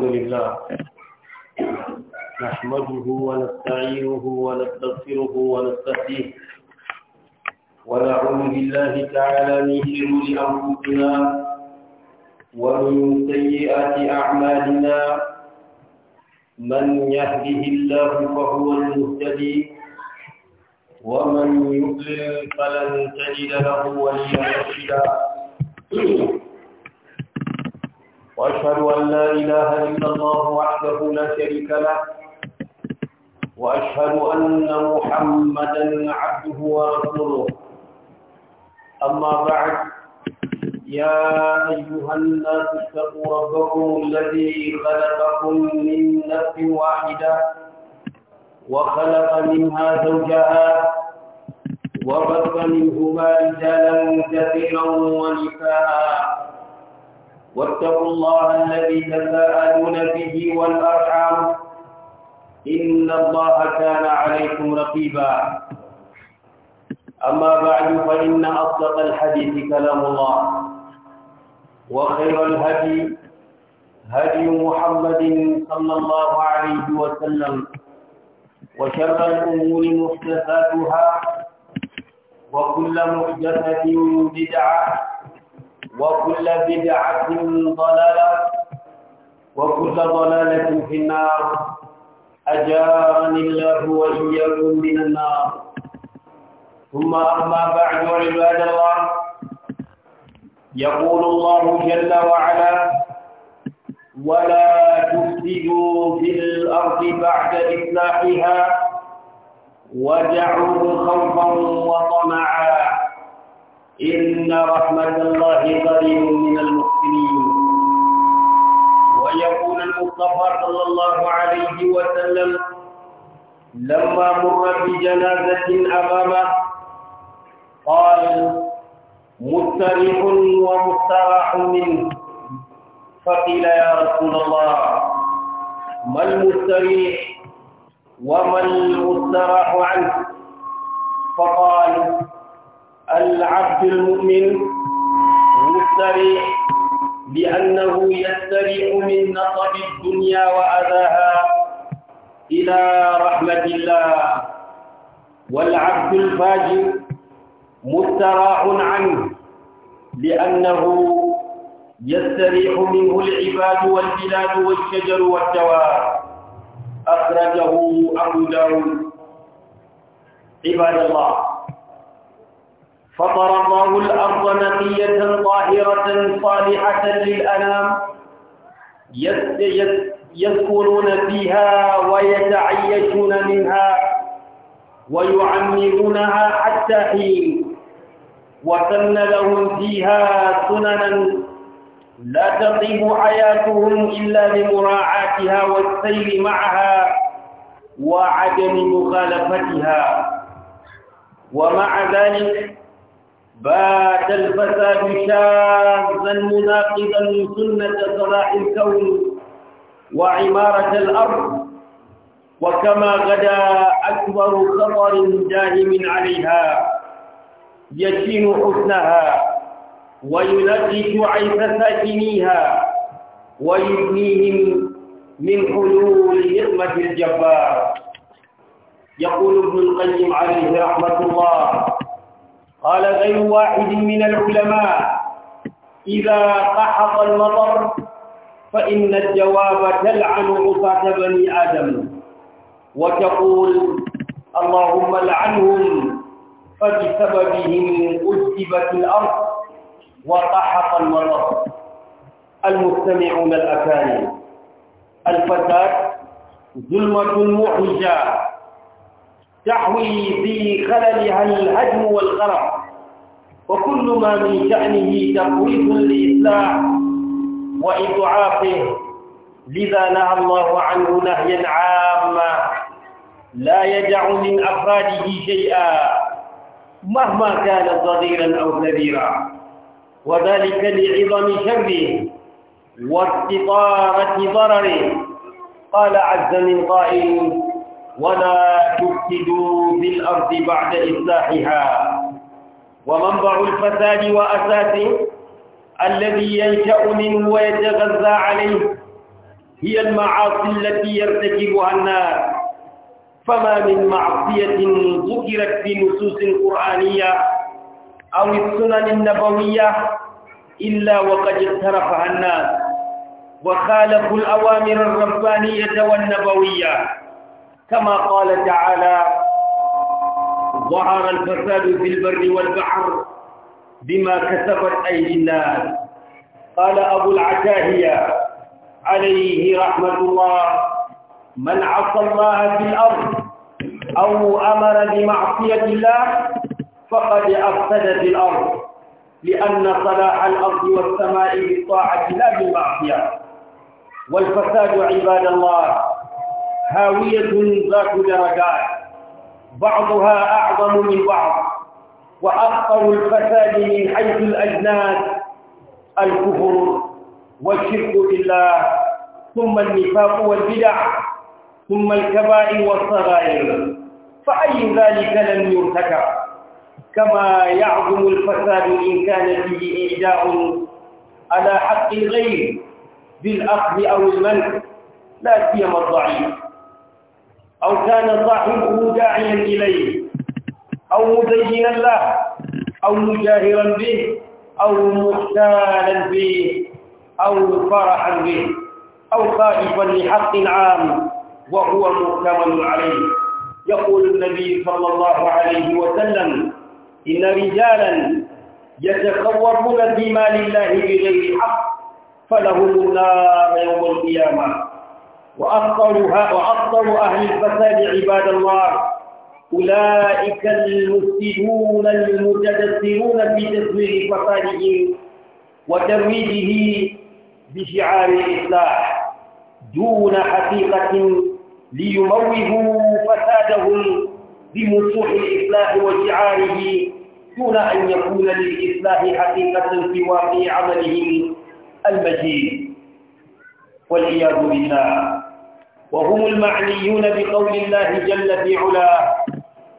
الحمد لله نحمده ونستعينه ونستغفره ونستهديه ونعوذ بالله تعالى من شرور انفسنا ومن سيئات اعمالنا من يهده الله فهو المهتدي ومن يضلل فلن تجد له وليا مرشدا وأشهد أن لا إله إلا الله وحده لا شريك له وأشهد أن محمدا عبده ورسوله أما بعد يا أيها الناس اتقوا ربكم الذي خلقكم من نفس واحدة وخلق منها زوجها وبث منهما رجالا كثيرا ونساء واتقوا الله الذي تساءلون به والأرحام إن الله كان عليكم رقيبا أما بعد فإن أصدق الحديث كلام الله وخير الهدي هدي محمد صلى الله عليه وسلم وشر الأمور محدثاتها وكل محدثة بدعة وكل بدعة ضلالة وكل ضلالة في النار أجارني الله وإياكم من النار ثم أما بعد عباد الله يقول الله جل وعلا ولا تفسدوا في الأرض بعد إصلاحها ودعوا خوفا وطمعا إن رحمة الله قريب من المحسنين ويقول المصطفى صلى الله عليه وسلم لما مر بجنازة أمامه قال مستريح ومستراح منه فقيل يا رسول الله ما المستريح وما المستراح عنه فقال العبد المؤمن مستريح لأنه يستريح من نصب الدنيا وأذاها إلى رحمة الله والعبد الفاجر مستراح عنه لأنه يستريح منه العباد والبلاد والشجر والدواب أخرجه أبو داود عباد الله فطر الله الأرض نقية طاهرة صالحة للأنام يسكنون فيها ويتعيشون منها ويعمرونها حتى حين وسن لهم فيها سننا لا تطيب حياتهم إلا لمراعاتها والسير معها وعدم مخالفتها ومع ذلك بات الفساد شاذا مناقضا سنة صلاح الكون وعمارة الأرض وكما غدا أكبر خطر داهم عليها يشين حسنها وينجس عيش ساكنيها ويبنيهم من حلول نقمة الجبار يقول ابن القيم عليه رحمة الله قال غير واحد من العلماء إذا قحط المطر فإن الجواب تلعن عصاة بني آدم وتقول اللهم لعنهم فبسببهم أجبت الأرض وقحط المطر المستمعون الأكارم الفساد ظلمة محجة تحوي في خللها الهدم والخرق وكل ما من شأنه تقويض الإصلاح وإضعافه لذا نهى الله عنه نهيا عاما لا يدع من أفراده شيئا مهما كان صغيرا أو كبيرا وذلك لعظم شره واستطارة ضرره قال عز من قائل ولا تفسدوا في الأرض بعد إصلاحها ومنبع الفساد وأساسه الذي ينشأ منه ويتغذى عليه هي المعاصي التي يرتكبها الناس فما من معصية ذكرت في نصوص قرآنية أو السنن النبوية إلا وقد اقترفها الناس وخالفوا الأوامر الربانية والنبوية كما قال تعالى ظهر الفساد في البر والبحر بما كسبت أيدي الناس قال أبو العتاهية عليه رحمة الله من عصى الله في الأرض أو أمر بمعصية الله فقد أفسد في الأرض لأن صلاح الأرض والسماء بالطاعة لا بالمعصية والفساد عباد الله هاوية ذات درجات بعضها أعظم من بعض وأخطر الفساد من حيث الأجناس الكفر والشرك بالله ثم النفاق والبدع ثم الكبائر والصغائر فأي ذلك لم يرتكب كما يعظم الفساد إن كان فيه إعداء على حق الغير بالأخذ أو المنح لا سيما الضعيف أو كان صاحبه داعيا إليه أو مدينا له أو مجاهرا به أو مختالا فيه أو فرحا به أو خائفا لحق عام وهو مؤتمن عليه يقول النبي صلى الله عليه وسلم إن رجالا يتخوفون في مال الله بغير حق فلهم النار يوم القيامة وأفضلها وأفضل أهل الفساد عباد الله أولئك المفسدون المتدثرون في تسوير فسادهم وترويجه بشعار الإصلاح دون حقيقة ليموهوا فسادهم بمسوح الإصلاح وشعاره دون أن يكون للإصلاح حقيقة في واقع عملهم المجيد والعياذ بالله وهم المعنيون بقول الله جل في علاه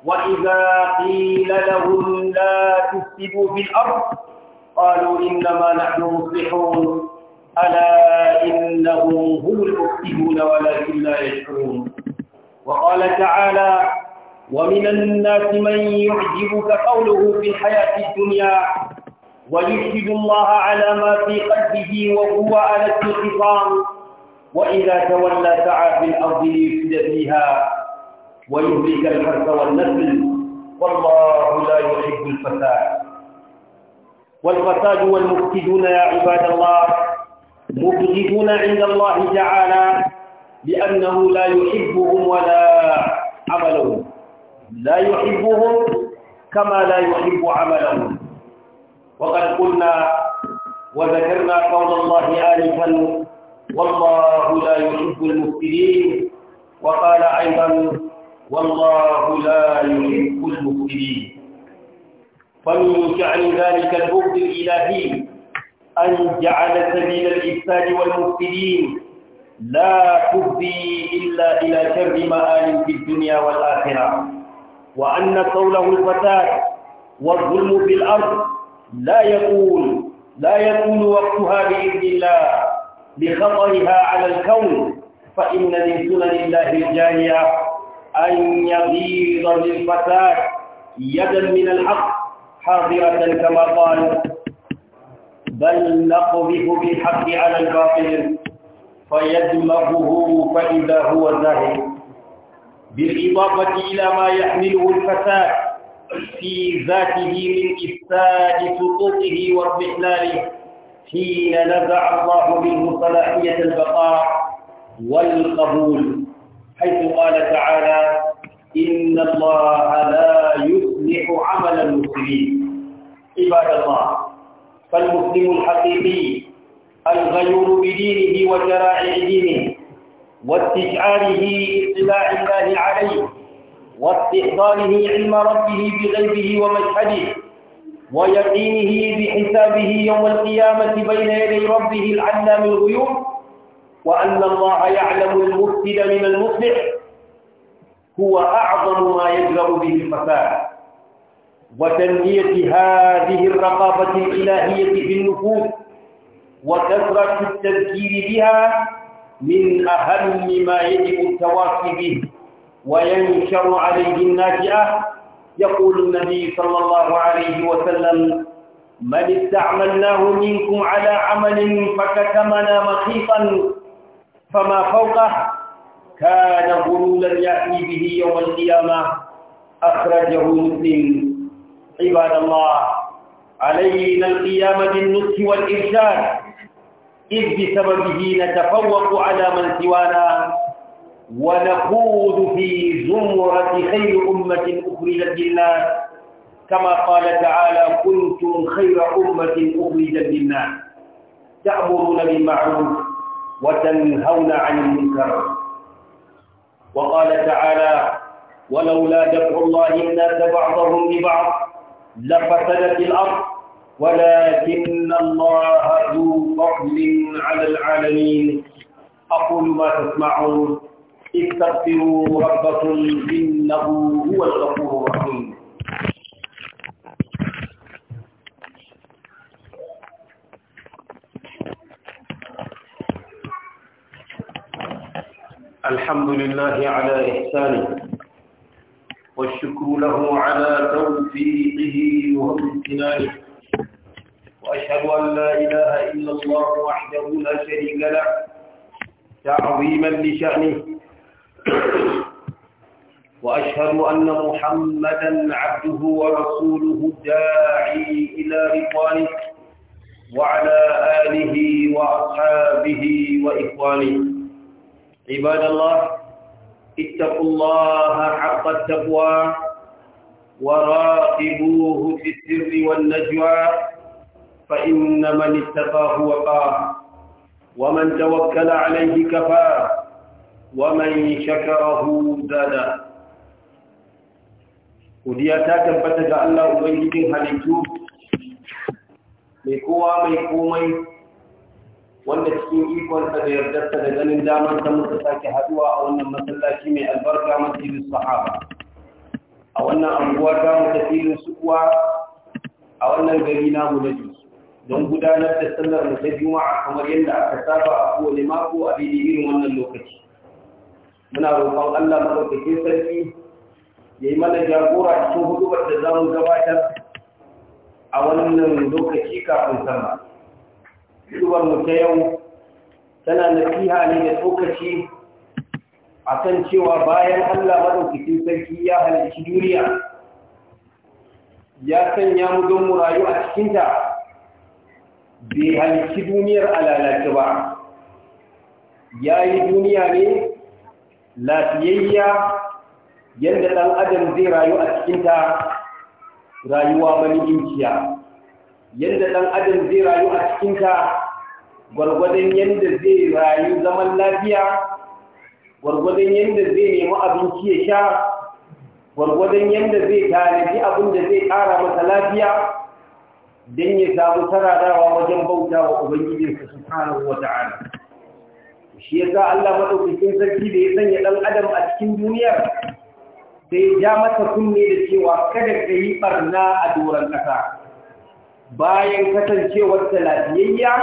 وإذا قيل لهم لا تفسدوا في الأرض قالوا إنما نحن مصلحون ألا إنهم هم المفسدون ولكن لا يشعرون وقال تعالى ومن الناس من يعجبك قوله في الحياة الدنيا ويشهد الله على ما في قلبه وهو ألد الخصام وإذا تولى سعى في الأرض ليفسد فيها ويهلك الحرث والنسل والله لا يحب الفساد والفساد والمفسدون يا عباد الله مفسدون عند الله تعالى لأنه لا يحبهم ولا عملهم لا يحبهم كما لا يحب عملهم وقد قلنا وذكرنا قول الله آلفا والله لا يحب المفسدين وقال أيضا والله لا يحب المفسدين فمن شأن ذلك البغض الإلهي أن جعل سبيل الإفساد والمفسدين لا تفضي إلا إلى شر مآل في الدنيا والآخرة وأن قوله الفساد والظلم في الأرض لا يكون لا يكون وقتها بإذن الله بخطرها على الكون فإن من سنن الله الجارية أن يغيظ للفتاة يدا من الحق حاضرة كما قال بل نقذف بالحق على الباطل فيدمغه فإذا هو ذاهب بالإضافة إلى ما يحمله الفتاة في ذاته من إفساد سقوطه واضمحلاله حين نزع الله منه صلاحية البقاء والقبول حيث قال تعالى إن الله لا يصلح عمل المسلمين عباد الله فالمسلم الحقيقي الغيور بدينه وشرائع دينه واستشعاره اطلاع الله عليه واستحضاره علم ربه بغيبه ومشهده ويقينه بحسابه يوم القيامة بين يدي ربه العلام الغيوب وأن الله يعلم المفسد من المصلح هو أعظم ما يجرأ به الفساد وتنمية هذه الرقابة الإلهية في النفوس وكثرة التذكير بها من أهم ما يجب التواصي به وينشر عليه الناشئة يقول النبي صلى الله عليه وسلم من استعملناه منكم على عمل فكتمنا مخيطا فما فوقه كان غلولا يأتي به يوم القيامة أخرجه مسلم عباد الله علينا القيام بالنصح والإرشاد إذ بسببه نتفوق على من سوانا ونخوض في زمرة خير أمة أخرجت للناس كما قال تعالى كنتم خير أمة أخرجت للناس تأمرون بالمعروف وتنهون عن المنكر وقال تعالى ولولا دفع الله الناس بعضهم ببعض لفسدت الأرض ولكن الله ذو فضل على العالمين أقول ما تسمعون استغفروا ربكم إنه هو الغفور الرحيم الحمد لله على إحسانه والشكر له على توفيقه وامتنانه وأشهد أن لا إله إلا الله وحده لا شريك له تعظيما لشأنه وأشهد أن محمدا عبده ورسوله الداعي إلى رضوانه وعلى آله وأصحابه وإخوانه عباد الله اتقوا الله حق التقوى وراقبوه في السر والنجوى فإن من اتقاه وقاه ومن توكل عليه كفاه ومن شكره زاد godiya ta tabbata ga Allah ubangijin halittu mai kowa mai komai wanda cikin ikonsa da yardarsa da ganin damar ta muka sake haduwa a wannan masallaci mai albarka masjidus sahaba a wannan anguwa ta mu tafiyin sukuwa a wannan gari namu na jiki don gudanar da sallar mu ta juma'a kamar yadda aka saba a kowane mako a daidai irin wannan lokaci muna roƙon Allah maɗaukakin sarki ya yi mana jagora cikin hudubar da za mu gabatar a wannan lokaci kafin sama hudubar mu ta yau tana nasiha ne da a kan cewa bayan Allah maɗaukakin sarki ya halarci duniya ya sanya mu don mu rayu a cikinta bai halici duniyar alalace ba ya yi duniya ne lafiyayya yadda ɗan adam zai rayu a cikinta rayuwa mani inciya yadda ɗan adam zai rayu a cikinta gwargwadon yadda zai rayu zaman lafiya gwargwadon yadda zai nemi abinci ya sha gwargwadon yadda zai tarihi abin da zai ƙara masa lafiya don ya samu sararawa wajen bauta wa ubangijinsa subhanahu wa ta'ala shi ya yasa Allah maɗaukacin sarki da ya sanya ɗan adam a cikin duniyar sai ya ja mata kunne da cewa kada ka yi ɓarna a doron ƙasa. bayan kasancewar ta lafiyayya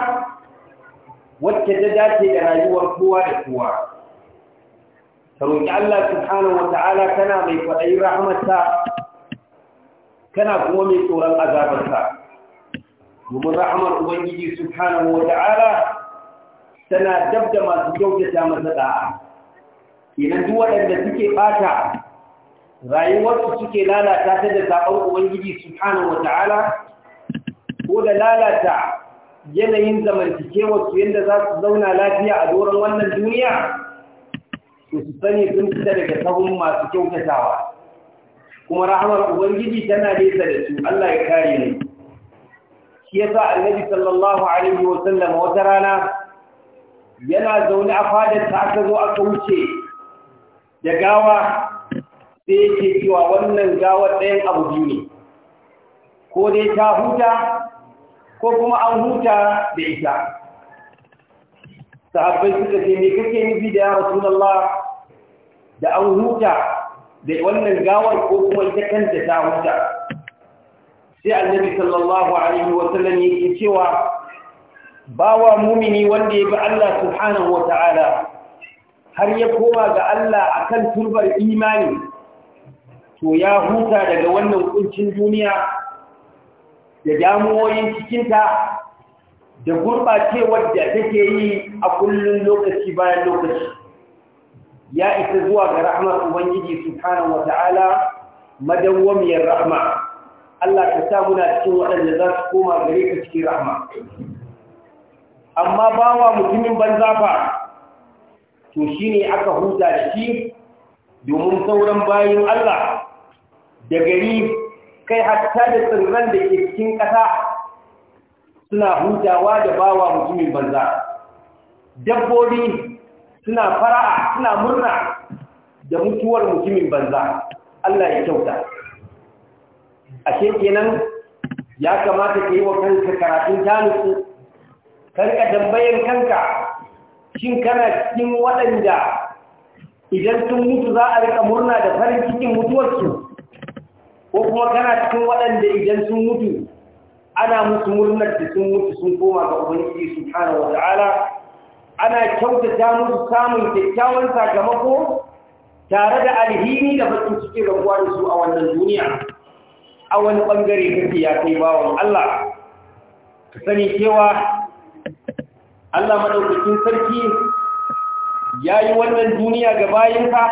wacce ta dace da rayuwar kowa da kowa ta roƙi Allah subhanahu ta'ala kana mai kwaɗayi rahmata kana kuma mai tsoron azabarta. domin rahmar ubangiji subhanahu ta'ala. tana dab da masu kyautata masa da'a kenan duk waɗanda suke ɓata rayuwarsu suke lalata ta da zaɓar ubangiji subhanahu ta'ala? ko da lalata yanayin zamantakewarsu yadda za su zauna lafiya a doron wannan duniya to su sani sun fita daga sahun masu kyautatawa kuma rahamar ubangiji tana nesa da su Allah ya kare ni shi yasa annabi sallallahu alaihi wa sallam wata rana yana zaune a fadar ta aka zo aka wuce da gawa sai yake cewa wannan gawar ɗayan abu biyu ne ko dai ta huta ko kuma an huta da ita sahabbai suka ce ne kake nufi da ya rasulullah da an huta da wannan gawar ko kuma ita kanta ta huta sai annabi sallallahu alaihi wasallam yake cewa bawa mumini wanda ya bi Allah subhanahu wa ta'ala har ya koma ga Allah a kan turbar imani to ya huta daga wannan ƙuncin duniya da damuwoyin cikinta da gurɓacewar da take yi a kullum lokaci bayan lokaci ya isa zuwa ga rahmar ubangiji subhanahu wa ta'ala madawwamiyar Allah ka sa muna cikin waɗanda za su koma gare ka cikin rahma amma ba wa mutumin banza fa to shi ne aka huta da shi domin sauran bayan Allah da gari kai hatta da tsirran da ke cikin ƙasa suna hutawa da ba wa mutumin banza dabbobi suna fara'a suna murna da mutuwar mutumin banza Allah ya kyauta ashe kenan ya kamata ka yi wa kanka karatun janusu karka tambayar kanka shin kana cikin waɗanda idan sun mutu za a rika murna da farin cikin mutuwarsu ko kuma kana cikin waɗanda idan sun mutu ana musu murnar da sun mutu sun koma ga ubangiji subhanahu wata'ala ana kyautata musu samun kyakkyawan sakamako tare da alhini da bakin cikin rabuwa da su a wannan duniya a wani bangare kake ya kai bawon Allah ka sani cewa Allah madaukakin sarki ya yi wannan duniya ga bayanka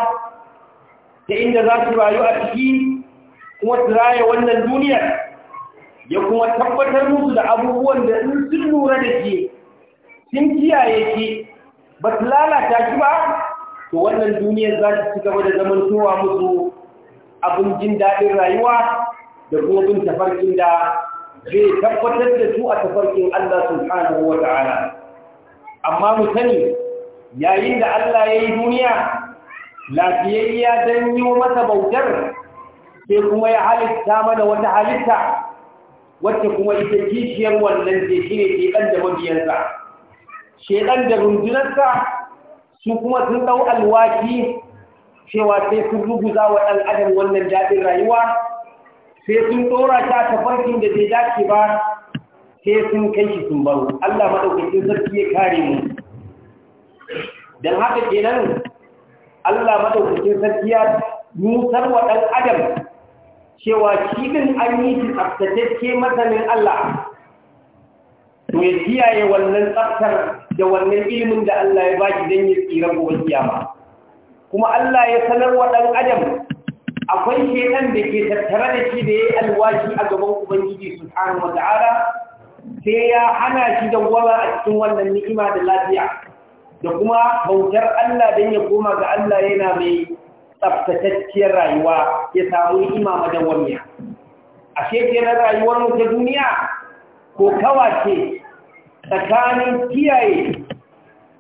ta inda za su rayu a ciki kuma su raya wannan duniyar ya kuma tabbatar musu da abubuwan da in sun lura da ke sun kiyaye ki ba su lalata shi ba to wannan duniyar za ta ci gaba da zamantowa musu abin jin daɗin rayuwa da kuma bin tafarkin da zai tabbatar da su a tafarkin Allah subhanahu wa ta'ala amma mu sani yayin da Allah ya yi duniya lafiyayya don yi masa bautar sai kuma ya halitta mana wata halitta wacce kuma ita kishiyar wannan zai shi ne shekan da mabiyansa shekan da rundunarsa su kuma sun ɗau alwaki cewa sai sun ruguza wa ɗan adam wannan daɗin rayuwa sai sun ɗora ta tafarkin da zai dace ba sai sun kai shi sun baro Allah madaukakin sarki ya kare mu dan haka kenan Allah madaukakin sarki ya musar wa dan adam cewa shi din an yi shi tsaftatacce masanin Allah to ya kiyaye wannan tsaftar da wannan ilimin da Allah ya baki dan ya tsira gobe kiyama kuma Allah ya sanar wa dan adam akwai shedan da ke tattare da shi da yayi alwashi a gaban ubangiji subhanahu wataala sai ya hana shi da dawwama a cikin wannan ni'ima da lafiya da kuma bautar Allah don ya koma ga Allah yana mai tsaftatacciyar rayuwa ya samu ni'ima madawwamiya a na rayuwar mu ta duniya ko ce tsakanin kiyaye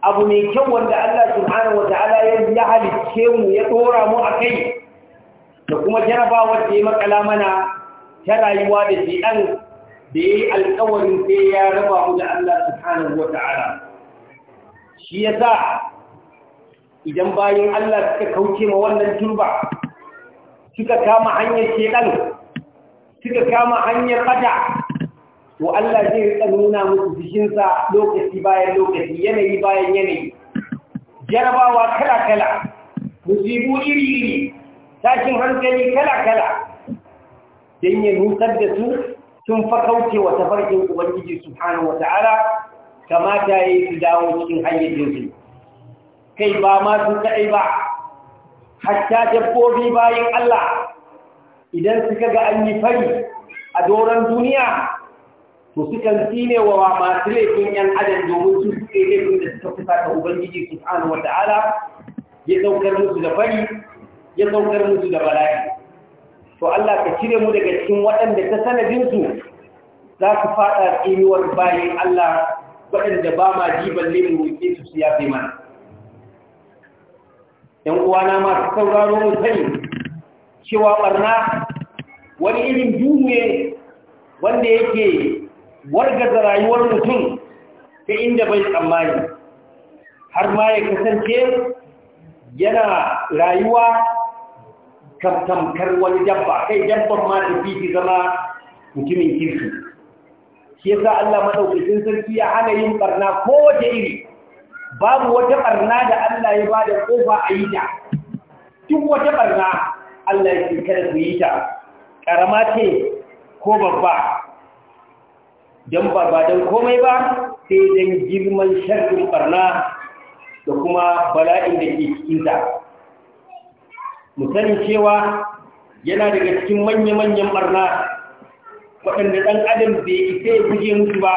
abu mai kyau wanda Allah subhanahu wata'ala ya halicce mu ya dora mu a kai da kuma jarabawar da ya makala mana ta rayuwa da jiɗan da ya yi alkawarin sai ya raba mu da Allah subhanahu wa ta'ala shi ya sa idan bayan Allah suka kauce ma wannan turba suka kama hanyar shekan suka kama hanyar ata. Wa Allah zai rika nuna musu jikinsa lokaci bayan lokaci yanayi bayan yanayi jarabawa kala-kala musibu iri-iri tashin hankali kala-kala don ya nutsar da su sun fa kauce wa tafarkin ubangiji subhanahu wata'ala kamata yayi su dawo cikin hayyacin su kai ba ma su kai ba hatta dabbobi bayin Allah idan suka ga an yi fari a doron duniya to sukan tsine wa masu laifin yan adam domin su suke laifin da suka fusa ta ubangiji subhanahu wata'ala ya saukar musu da fari ya ɗaukar musu da bala'i to Allah ka cire mu daga cikin waɗanda ta sanadinsu za su faɗa tsiniwar bayan Allah waɗanda ba ma ji balle mu su su yafe mana. ‘Yan uwana masu sauraro mu sani cewa ɓarna wani irin duniya wanda yake wargaza rayuwar mutum ta inda bai tsammani har ma ya kasance yana rayuwa tamtamkar wani dabba kai dabban ma da fiti zama mutumin kirki shi yasa Allah madaukakin sarki ya hana yin barna ko da iri babu wata barna da Allah ya bada kofa a yi ta duk wata barna Allah ya ce da su yi ta karama ce ko babba dan ba ba don komai ba sai dan girman sharri barna da kuma bala'in da ke cikin ta. mu cewa yana daga cikin manya-manyan barna waɗanda ɗan adam bai isa ya guje musu ba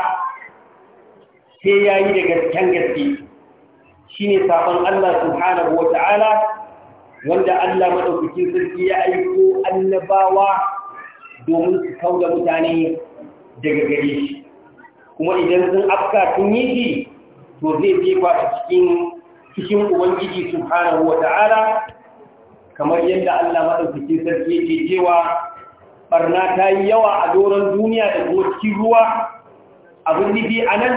sai ya yi da gasken gaske shi ne sabon Allah subhanahu wa ta'ala wanda Allah maɗaukakin sarki ya aiko annabawa domin su kau da mutane daga gare shi kuma idan sun afka sun yi shi to zai jefa a cikin kishin ubangiji subhanahu wa ta'ala kamar yadda Allah ke sarki yake cewa barna ta yi yawa a doron duniya da kuma ruwa abin nufi a nan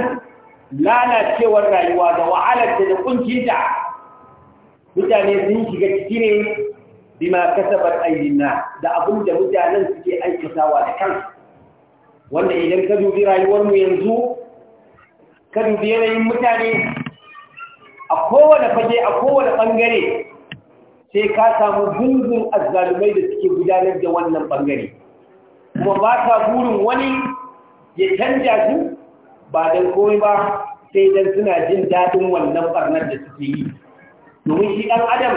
lalacewar rayuwa da wahalarta da kuncinta mutane sun shiga ciki ne bima kasabar ayyina da abin da mutanen suke aikatawa da kansu wanda idan ka dubi rayuwarmu yanzu ka dubi yanayin mutane a kowane fage a kowane ɓangare sai ka samu gungun azalumai da suke gudanar da wannan bangare kuma ba ka burin wani ya canja su ba don komai ba sai don suna jin daɗin wannan ɓarnar da suke yi domin shi ɗan adam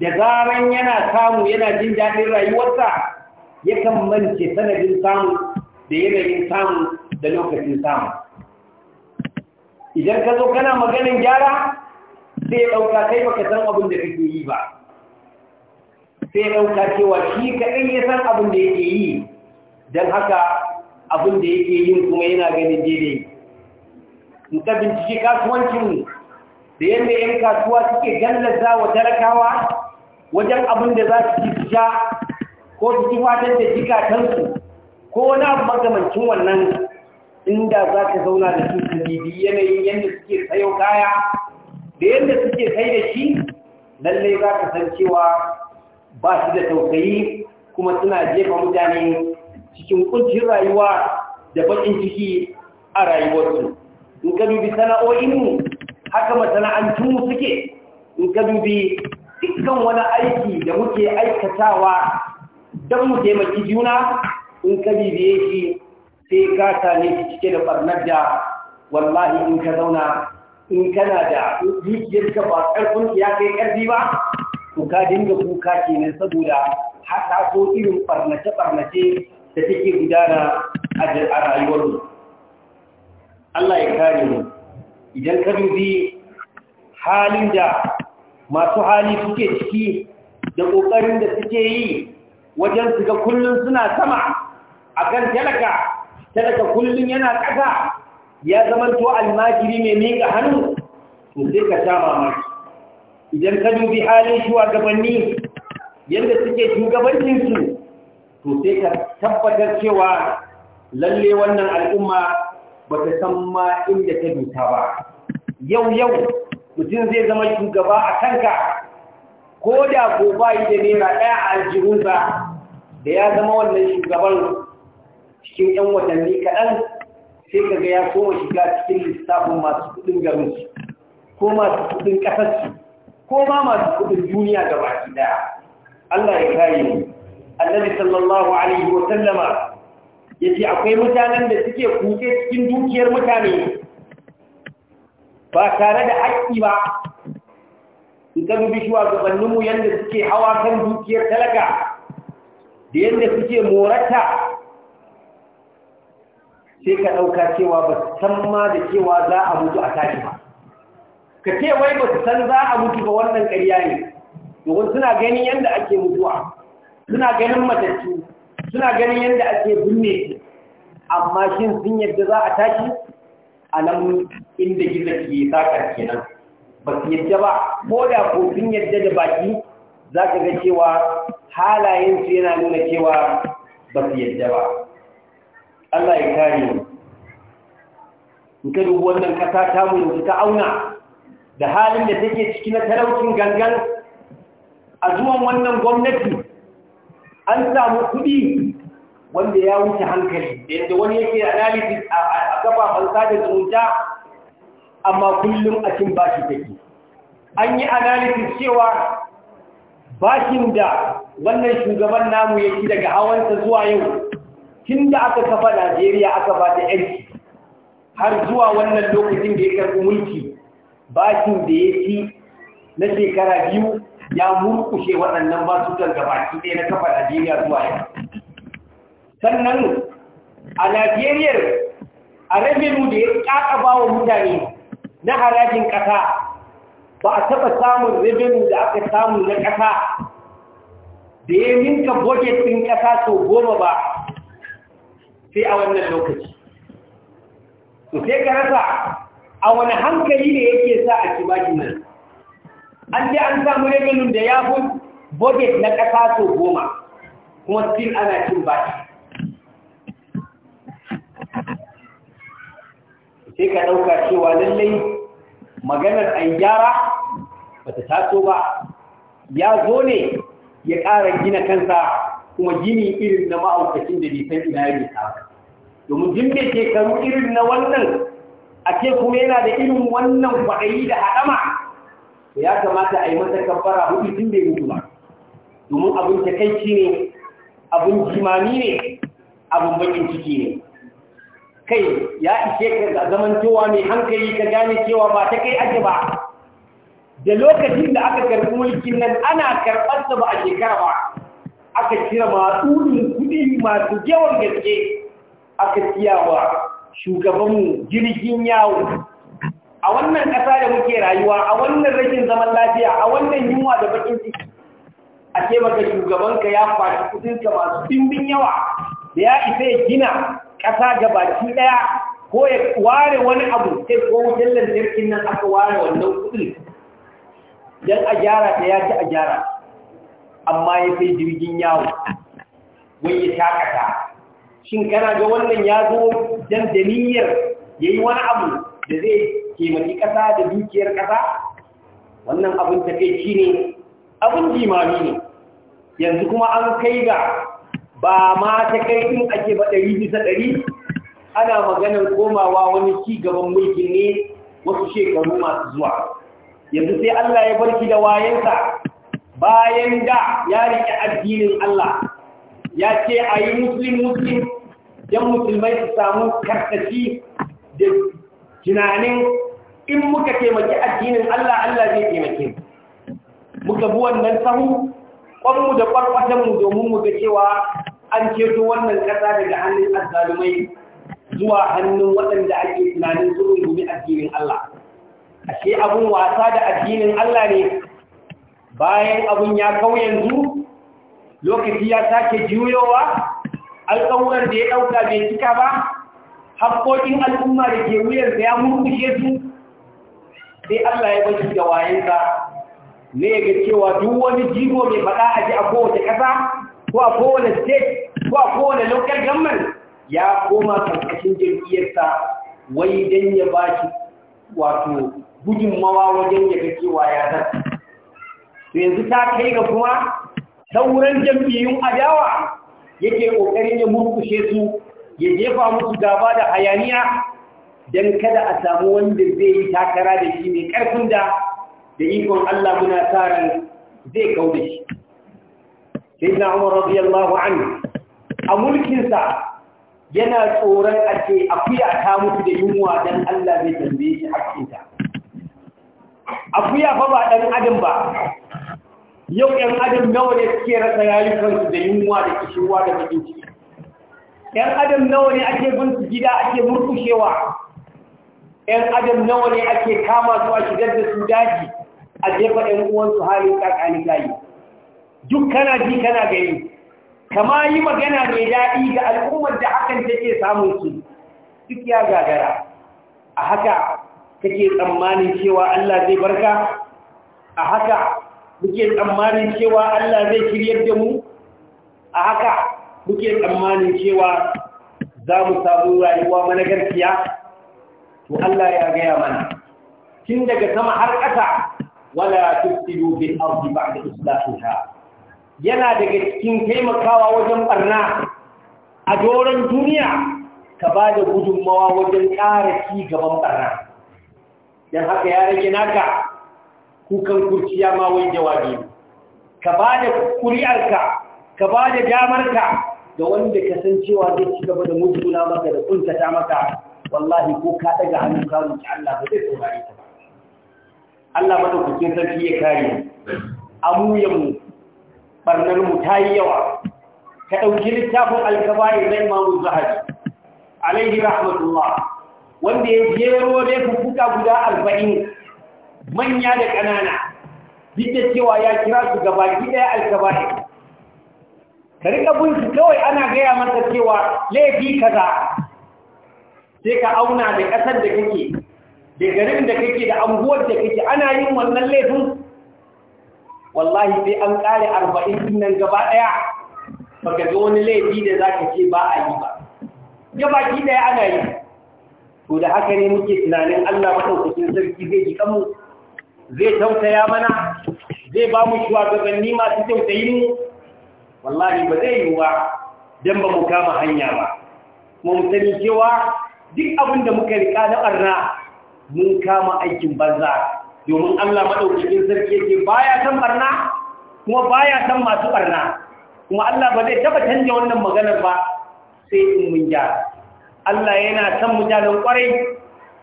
da zaran yana samu yana jin daɗin rayuwarsa yakan mance sanadin samu da yanayin samu da lokacin samu idan ka zo kana maganin gyara sai ya ɗauka kai baka san abin da kake yi ba sai ɗauka cewa shi kaɗai ya san abin da yake yi don haka abin da yake yi kuma yana ganin daidai in ka binciki kasuwancin da yadda 'yan kasuwa suke gallaza wa talakawa wajen abin da za su ci sha ko su ci fatan da jikatansu ko wani abu magamancin wannan inda za ka zauna da su su bibi yanayin yadda suke sayo kaya da yadda suke sai da shi lallai za ka san cewa ba su da tausayi kuma suna jefa mutane cikin kuncin rayuwa da baƙin ciki a rayuwarsu in ka dubi sana'o'inmu haka masana'antunmu suke in ka dubi dukkan wani aiki da muke aikatawa don mu taimaki juna in ka bibiye shi sai ka same shi cike da ɓarnar da wallahi in ka zauna in kana da zuciyarka ba ƙarfin ya kai ƙarfi ba kuka dinga kuka kenan saboda haɗa ko irin ɓarnace-ɓarnace da take gudana a rayuwarmu. Allah ya kare mu, idan ka dubi halin da masu hali suke ciki da ƙoƙarin da suke yi wajen su ga kullum suna sama a kan talaka, talaka kullum yana ƙasa ya zamanto almajiri mai miƙa hannu, to sai ka sha mamaki. idan ka dubi halin shugabanni yadda suke shugabancinsu to sai ka tabbatar cewa lalle wannan al'umma ba ta san ma inda ta duta ba yau yau mutum zai zama shugaba a kanka ko da ko ba yi da naira ɗaya a aljihunsa da ya zama wannan shugaban cikin 'yan watanni kaɗan sai ka ga ya koma shiga cikin lissafin masu kuɗin garinsu ko masu kuɗin ƙasarsu ko ma masu kudin duniya ga baki daya Allah ya kare mu annabi sallallahu alaihi wa sallama yace akwai mutanen da suke kuke cikin dukiyar mutane ba tare da aiki ba idan shi wa gabanin mu yanda suke hawa kan dukiyar talaka da yanda suke morata sai ka ɗauka cewa ba san ma da cewa za a mutu a tashi ba ka ce wai ba su san za a mutu ba wannan ƙarya ne domin suna ganin yadda ake mutuwa suna ganin matattu suna ganin yadda ake binne su amma shin sun yadda za a tashi a nan inda gina ke sakar kenan ba su yadda ba ko da ko sun yadda da baki za ka ga cewa halayensu yana nuna cewa ba su yadda ba Allah ya kare mu ka wannan kasa ta mu yanzu ta auna da halin da take ciki na talaucin gangan a zuwan wannan gwamnati an samu kuɗi wanda ya wuce hankali da yadda wani yake analysis a kafafen sada zumunta amma kullum a cin bashi take an yi analysis cewa bashin da wannan shugaban namu ya ci daga hawansa zuwa yau tun da aka kafa najeriya aka ba da yanki har zuwa wannan lokacin da ya karɓi mulki bakin da ya ci na shekara biyu ya murkushe waɗannan basukan baki ɗaya na kafa Najeriya zuwa yau. Sannan a Najeriya a rabinu da ya ƙaƙa ba wa mutane na harajin ƙasa ba a taɓa samun rabinu da aka samu na ƙasa da ya minka bogetin ƙasa sau goma ba sai a wannan lokaci. Sai ka rasa a wani hankali ne yake sa a kibakin nan an ce an samu revenin da ya fi budget na ƙasa so goma kuma still ana cin baki sai ka ɗauka cewa lallai maganar an gyara ba ta taso ba ya zo ne ya ƙara gina kansa kuma gini irin na ma'aukacin da nisan ina ya nisa domin jimbe shekaru irin na wannan a kuma yana da irin wannan kwaɗayi da haɗama ya kamata a yi mata kabbara hudu tun bai mutu ba domin abin takaici ne abin jimami ne abin bakin ciki ne kai ya ishe ka cewa mai hankali ka gane cewa ba ta kai ake ba da lokacin da aka karɓi mulkin nan ana karɓarsa ba a shekara ba aka cire masu kuɗi masu yawan gaske aka siyawa shugabanmu jirgin yawo a wannan ƙasa da muke rayuwa a wannan rashin zaman lafiya a wannan yunwa da bakin ciki a ce maka shugabanka ya faɗi kudinka masu dimbin yawa da ya isa ya gina ƙasa gabaki ɗaya ko ya ware wani abu sai ko wutar lantarkin nan aka ware wannan kudin don a gyara ta ya ci a gyara amma ya sai jirgin yawo wai ya shakata shin kana ga wannan ya zo don da niyyar ya yi wani abu da zai taimaki ƙasa da dukiyar ƙasa wannan abin shi ne abin jimami ne yanzu kuma an kai ga ba ma ta kai in ake ba ɗari bisa ɗari ana maganar komawa wani ci gaban mulkin ne wasu shekaru masu zuwa yanzu sai Allah ya barki da wayansa bayan da ya riƙe addinin Allah ya ce a yi musulun muslim don musulmai su samu karkashi da tunanin in muka taimaki addinin Allah Allah zai taimake muka bi wannan sahu kwanmu da kwarkwatanmu domin mu ga cewa an ceto wannan kasa daga hannun azalumai zuwa hannun waɗanda ake tunanin zuwan gumi addinin Allah ashe abun wasa da addinin Allah ne bayan abun ya kau yanzu lokaci ya sake juyowa alƙawar da ya ɗauka bai cika ba haƙoƙin al'umma da ke wuyarsa ya murkushe su sai Allah ya bashi da wayensa ne ga cewa duk wani jigo mai faɗa a ji a kowace ƙasa ko a kowane state ko a kowane local government ya koma ƙarƙashin jam'iyyarsa wai dan ya ba shi wato gudunmawa wajen ya ga cewa ya zata. yanzu ta kai ga kuma sauran jam'iyyun adawa yake ƙoƙarin ya murkushe su ya jefa musu gaba da hayaniya don kada a samu wanda zai yi takara da shi mai karfin da da ikon Allah muna tsarin zai kau da shi. Sai na Umar radiyallahu an a mulkinsa yana tsoron a ce akuya ta mutu da yunwa don Allah zai tambaye shi haƙƙinta. Akuya fa ba ɗan adam ba, yau ‘yan adam nawa ne suke rasa rayukansu da yunwa da kishirwa da bakin ciki ‘yan adam nawa ne ake bin su gida ake murkushewa ‘yan adam nawa ne ake kama su a shigar da su daji a jefa ‘yan uwansu halin tsakanin layi duk kana ji kana gani kama yi magana mai daɗi ga al'ummar da hakan take samun su duk ya gagara a haka kake tsammanin cewa Allah zai barka a haka muke tsammanin cewa Allah zai shiryar da mu a haka muke tsammanin cewa za mu samu rayuwa mana garkiya to Allah ya gaya mana tun daga sama har ƙasa wala tusilu bil ardi ba'da islahiha yana daga cikin taimakawa wajen barna a doron duniya ka ba da gudunmawa wajen ƙara ci gaban barna dan haka ya rage naka kukan kurciya ma wai jawabi ka bada da kuri'arka ka bada damarka ga wanda ka san cewa zai ci gaba da mutuna maka da kuntata maka wallahi ko ka daga hannu ka roki Allah ba zai saurare ta ba Allah madaukakin sarki ya kare amuyan mu barnar mu ta yi yawa ka ɗauki littafin alkaba'i na imamu zahari alaihi rahmatullah wanda ya jero dai fuka guda arba'in manya da ƙanana duk cewa ya kira su gaba ɗaya alkaba'i ka riƙa bin su kawai ana gaya masa cewa laifi kaza sai ka auna da ƙasar da kake da garin da kake da anguwar da kake ana yin wannan laifin wallahi sai an ƙare arba'in ɗin nan gaba ɗaya ba ga ga wani laifi da za ka ce ba a yi ba gabaki ɗaya ana yi to da haka ne muke tunanin Allah maɗaukakin sarki zai ji kanmu zai tausaya mana zai ba mu shugabanni masu tausayi mu wallahi ba zai yi wa don ba mu kama hanya ba mu sani cewa duk abin da muka rika na barna mun kama aikin banza domin Allah madaukakin sarki yake baya san barna kuma baya san masu barna kuma Allah ba zai taba canja wannan maganar ba sai in mun gyara Allah yana san mutanen kwarai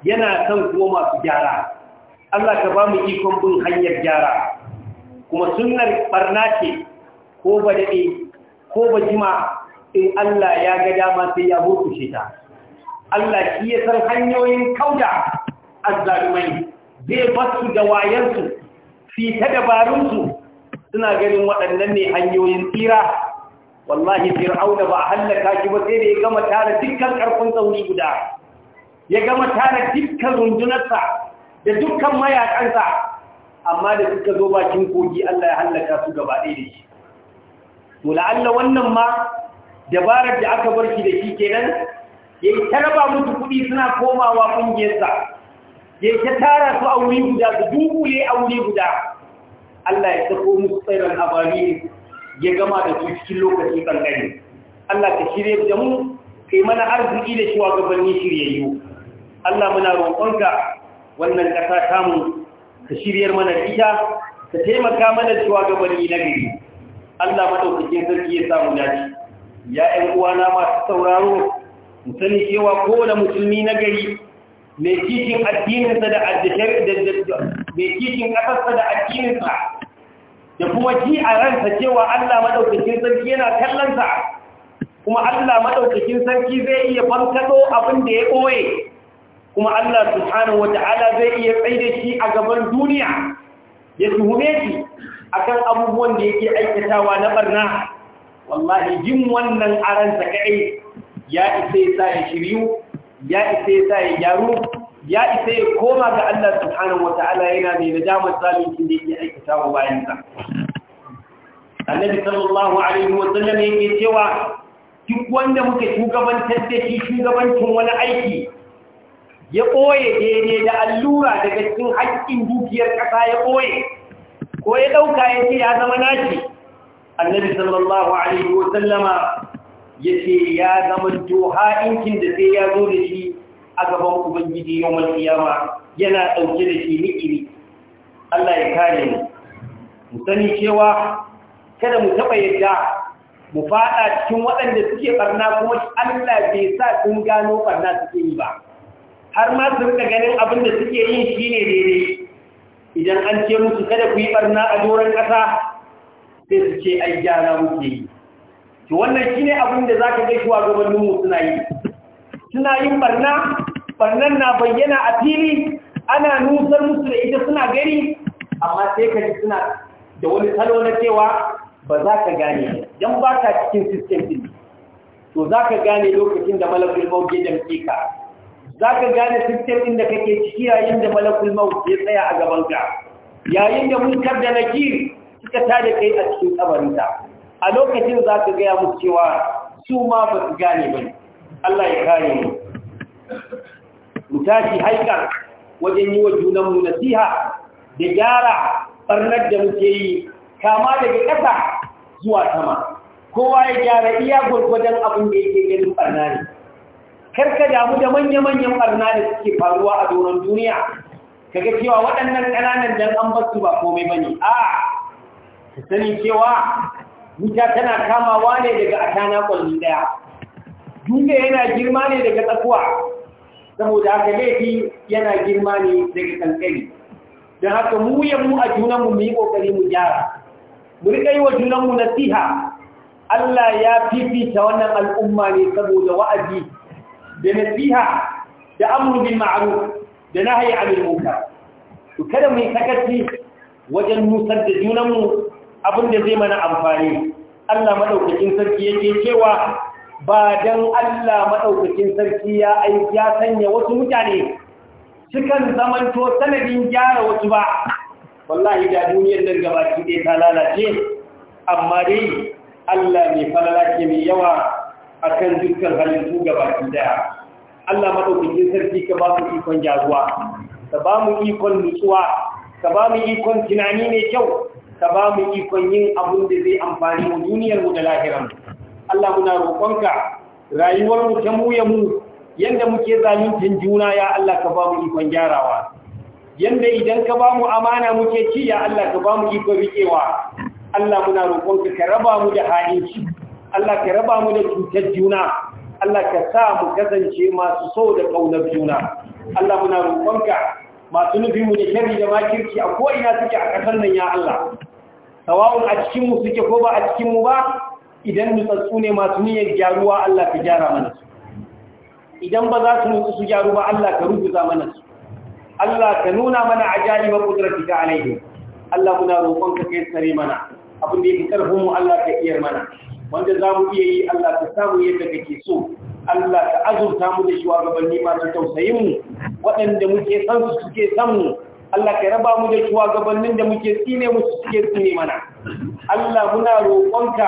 yana san kuma masu gyara Allah ka ba mu ikon bin hanyar gyara kuma sunnar barna ce ko ba daɗe ko ba jima in Allah ya ga dama sai ya shi ta Allah shi ya san hanyoyin kauda azzalumai zai basu da wayansu fi ta dabarunsu suna ganin waɗannan ne hanyoyin tsira wallahi fir'auna ba hallaka shi ba sai da ya gama tara dukkan karfin tsauni guda ya gama tara dukkan rundunarsa da dukkan mayakansa amma da suka zo bakin kogi Allah ya hallaka su gaba ɗaya da shi to la'alla wannan ma dabarar da aka bar shi da shi kenan yayi raba musu kuɗi suna komawa ƙungiyarsa, yayi ta tara su a wuri guda su dubule a wuri guda Allah ya sako musu tsairan abari ya gama da su cikin lokaci kankani Allah ka shirye da mu kai mana arziki da gabanin shiryayyu Allah muna roƙonka wannan ƙasa samun ka shiryar mana ita ka taimaka mana shugabanni na gari Allah maɗaukakin sarki ya samu dace ya ƴan uwana masu sauraro mu sani cewa kowane musulmi na gari mai kishin addininsa da mai ƙasarsa da addininsa da kuma ji a ransa cewa Allah maɗaukakin sarki yana kallonsa kuma Allah maɗaukakin sarki zai iya farkado abin da ya ɓoye kuma Allah subhanahu wata'ala zai iya tsaida shi a gaban duniya ya tuhume shi akan abubuwan da yake aikatawa na barna wallahi jin wannan aransa kai ya isa ya sa ya shiryu ya isa ya sa ya gyaru ya isa ya koma ga Allah subhanahu wata'ala yana mai nadamar zalincin da yake aikatawa bayansa annabi sallallahu alaihi wa sallam yake cewa duk wanda muke shugabantar da shi shugabancin wani aiki ya ɓoye daidai da allura daga cikin haƙƙin dukiyar ƙasa ya ɓoye ko ya ɗauka ya ce ya zama nashi annabi sallallahu alaihi wa sallama ya ce ya zama doha inkin da sai ya zo da shi a gaban ubangiji yau yana ɗauke da shi ni'iri Allah ya kare mu mu sani cewa kada mu taɓa yadda mu faɗa cikin waɗanda suke ɓarna kuma Allah bai sa sun gano ɓarna suke yi ba har ma su rika ganin abin da suke yin shi ne daidai idan an ce musu kada ku yi barna a doron ƙasa sai su ce ai gyara muke yi to wannan shi ne abin da za ka ga mu suna yi suna yin barna barnan na bayyana a fili ana nusar musu da ita suna gani amma sai ka ji suna da wani salo na cewa ba za ka gane don ba ka cikin sistem din to za ka gane lokacin da malakul mawuke da mika za ka gane fitar ɗin da kake ciki yayin da malakul maut ya tsaya a gaban ka yayin da munkar da nakir suka tada kai a cikin kabarinta a lokacin za ka gaya musu cewa su ma ba su gane ba Allah ya kare mu mu tashi haikar wajen yi wa junanmu nasiha da gyara barnar da muke yi kama daga ƙasa zuwa sama kowa ya gyara iya gwargwadon abin da yake ganin ɓarna ne karka damu da manya-manyan barna da suke faruwa a doron duniya kaga cewa waɗannan ƙananan dan an basu ba komai bane a ka sani cewa wuta tana kamawa ne daga atana kwalli daya dutse yana girma ne daga tsakuwa saboda haka laifi yana girma ne daga kankari don haka mu ya mu a junanmu mu yi ƙoƙari mu gyara mu riƙa yi wa junanmu nasiha Allah ya fifita wannan al'umma ne saboda wa'azi da nasiha da amurbin bil da nahyi anil munkar to kada mu sakaci wajen nusar da junanmu abin da zai mana amfani Allah maɗaukacin sarki yake cewa ba dan Allah maɗaukacin sarki ya aiki ya sanya wasu mutane cikin zamanto sanadin gyara wasu ba wallahi da duniyar nan gabaki ɗaya ta lalace amma dai Allah mai fara lafiya mai yawa akan dukkan halittu gabaki daya Allah madaukakin sarki ka ba mu ikon jaruwa ka ba mu ikon nutsuwa ka ba mu ikon tunani mai kyau ka ba mu ikon yin abun da zai amfani mu duniyar mu da lahiran Allah muna roƙonka rayuwar mu ta muya mu yanda muke zaluncin juna ya Allah ka ba mu ikon gyarawa yanda idan ka ba mu amana muke ci ya Allah ka ba mu ikon riƙewa Allah muna roƙonka ka raba mu da ha'inci Allah ka raba mu da cutar juna Allah ka sa mu kasance masu so da kaunar juna Allah muna roƙonka masu nufi mu da shari da makirci a ko ina suke a ƙasar nan ya Allah tawawun a cikin mu suke ko ba a cikin mu ba idan nutsatsu ne masu niyyar gyaruwa Allah ka gyara mana su idan ba za su nutsu su gyaru ba Allah ka rubuta mana su Allah ka nuna mana ajali wa ta alaihim Allah muna roƙonka kai tsare mana abin da fi ƙarfin mu Allah ka iyar mana wanda za mu iya yi Allah ta samu yadda kake so Allah ta azurta mu da shugabanni masu tausayin mu waɗanda muke san su suke san mu Allah ka raba mu da shugabannin da muke tsine musu suke tsine mana Allah muna roƙonka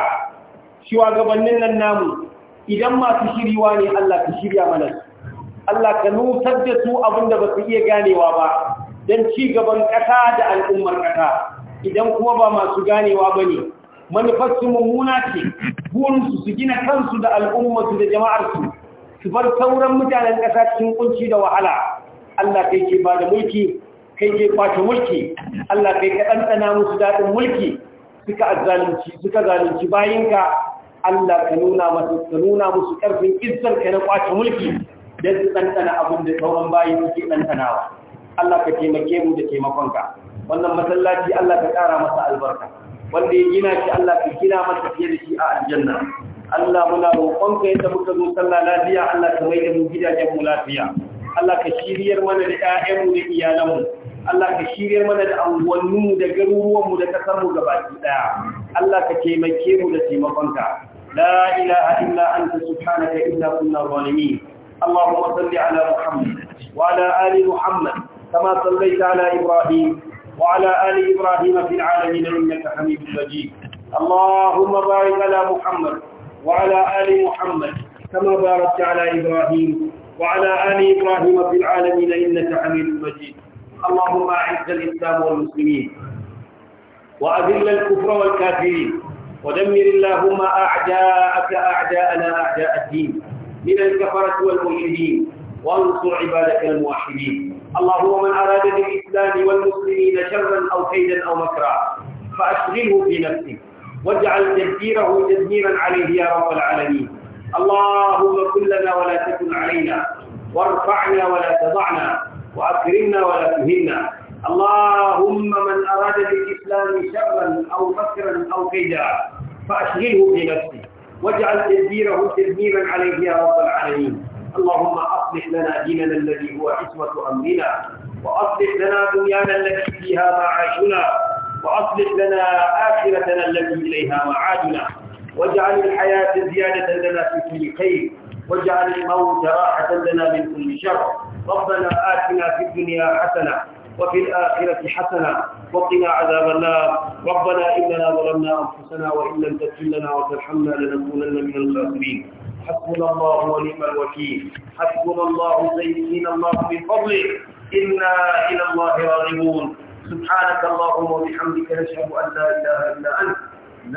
shugabannin nan namu idan masu shiriwa ne Allah ka shirya mana Allah ka nutar da su abinda ba su iya ganewa ba don ci gaban ƙasa da al'ummar ƙasa idan kuma ba masu ganewa ba ne manufarsu mummuna ce buwansu su gina kansu da al'ummarsu da jama'arsu su bar sauran mutanen ƙasa cikin kunci da wahala Allah kai ke ba da mulki kai ke kwace mulki Allah kai ka ɗanɗana musu daɗin mulki suka azzalunci suka zalunci bayinka Allah ka nuna musu ka nuna musu ƙarfin izzar ka na kwace mulki don su ɗanɗana abin da sauran bayi suke ɗanɗanawa Allah ka taimake mu da taimakonka wannan masallaci Allah ka ƙara masa albarka wanda ya gina shi Allah ka gina masa fiye da shi a aljanna Allah muna roƙonka yadda muka zo sallah lafiya Allah ka mai da mu gidajen mu lafiya Allah ka shiriyar mana da ƴaƴanmu da iyalanmu Allah ka shiriyar mana da anguwanninmu da garuruwanmu da ƙasarmu gabaki ɗaya Allah ka taimake mu da taimakonka la ilaha illa anta subhanaka inna kunna zalimin اللهم صل على محمد وعلى آل محمد كما صليت على إبراهيم وعلى آل إبراهيم في العالمين إنك حميد مجيد اللهم بارك على محمد وعلى آل محمد كما باركت على إبراهيم وعلى آل إبراهيم في العالمين إنك حميد مجيد اللهم أعز الإسلام والمسلمين وأذل الكفر والكافرين ودمر اللهم أعداءك أعداءنا أعداء الدين من الكفرة والملحدين وانصر عبادك الموحدين اللهم من أراد بالإسلام والمسلمين شرا أو كيدا أو مكرا فأشغله في نفسه واجعل تدبيره تدميرا عليه يا رب العالمين اللهم كن لنا ولا تكن علينا وارفعنا ولا تضعنا وأكرمنا ولا تهنا اللهم من أراد بالإسلام شرا أو مكرا أو كيدا فأشغله في نفسه واجعل تدبيره تدميرا عليه يا رب العالمين اللهم أصلح لنا ديننا الذي هو عصمة أمرنا وأصلح لنا دنيانا التي فيها معاشنا وأصلح لنا آخرتنا التي إليها معادنا واجعل الحياة زيادة لنا في كل خير واجعل الموت راحة لنا من كل شر ربنا آتنا في الدنيا حسنة وفي الآخرة حسنة وقنا عذاب النار ربنا إننا ظلمنا أنفسنا وإن لم تغفر لنا وترحمنا لنكونن من الخاسرين حسبنا الله ونعم الوكيل حسبنا الله سيدنا الله بفضله إنا إلى الله راغبون سبحانك اللهم وبحمدك نشهد أن لا إله إلا أنت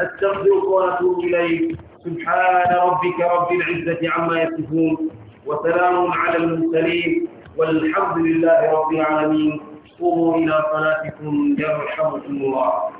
نستغفرك ونتوب إليك سبحان ربك رب العزة عما يصفون وسلام على المرسلين والحمد لله رب العالمين قوموا إلى صلاتكم يرحمكم الله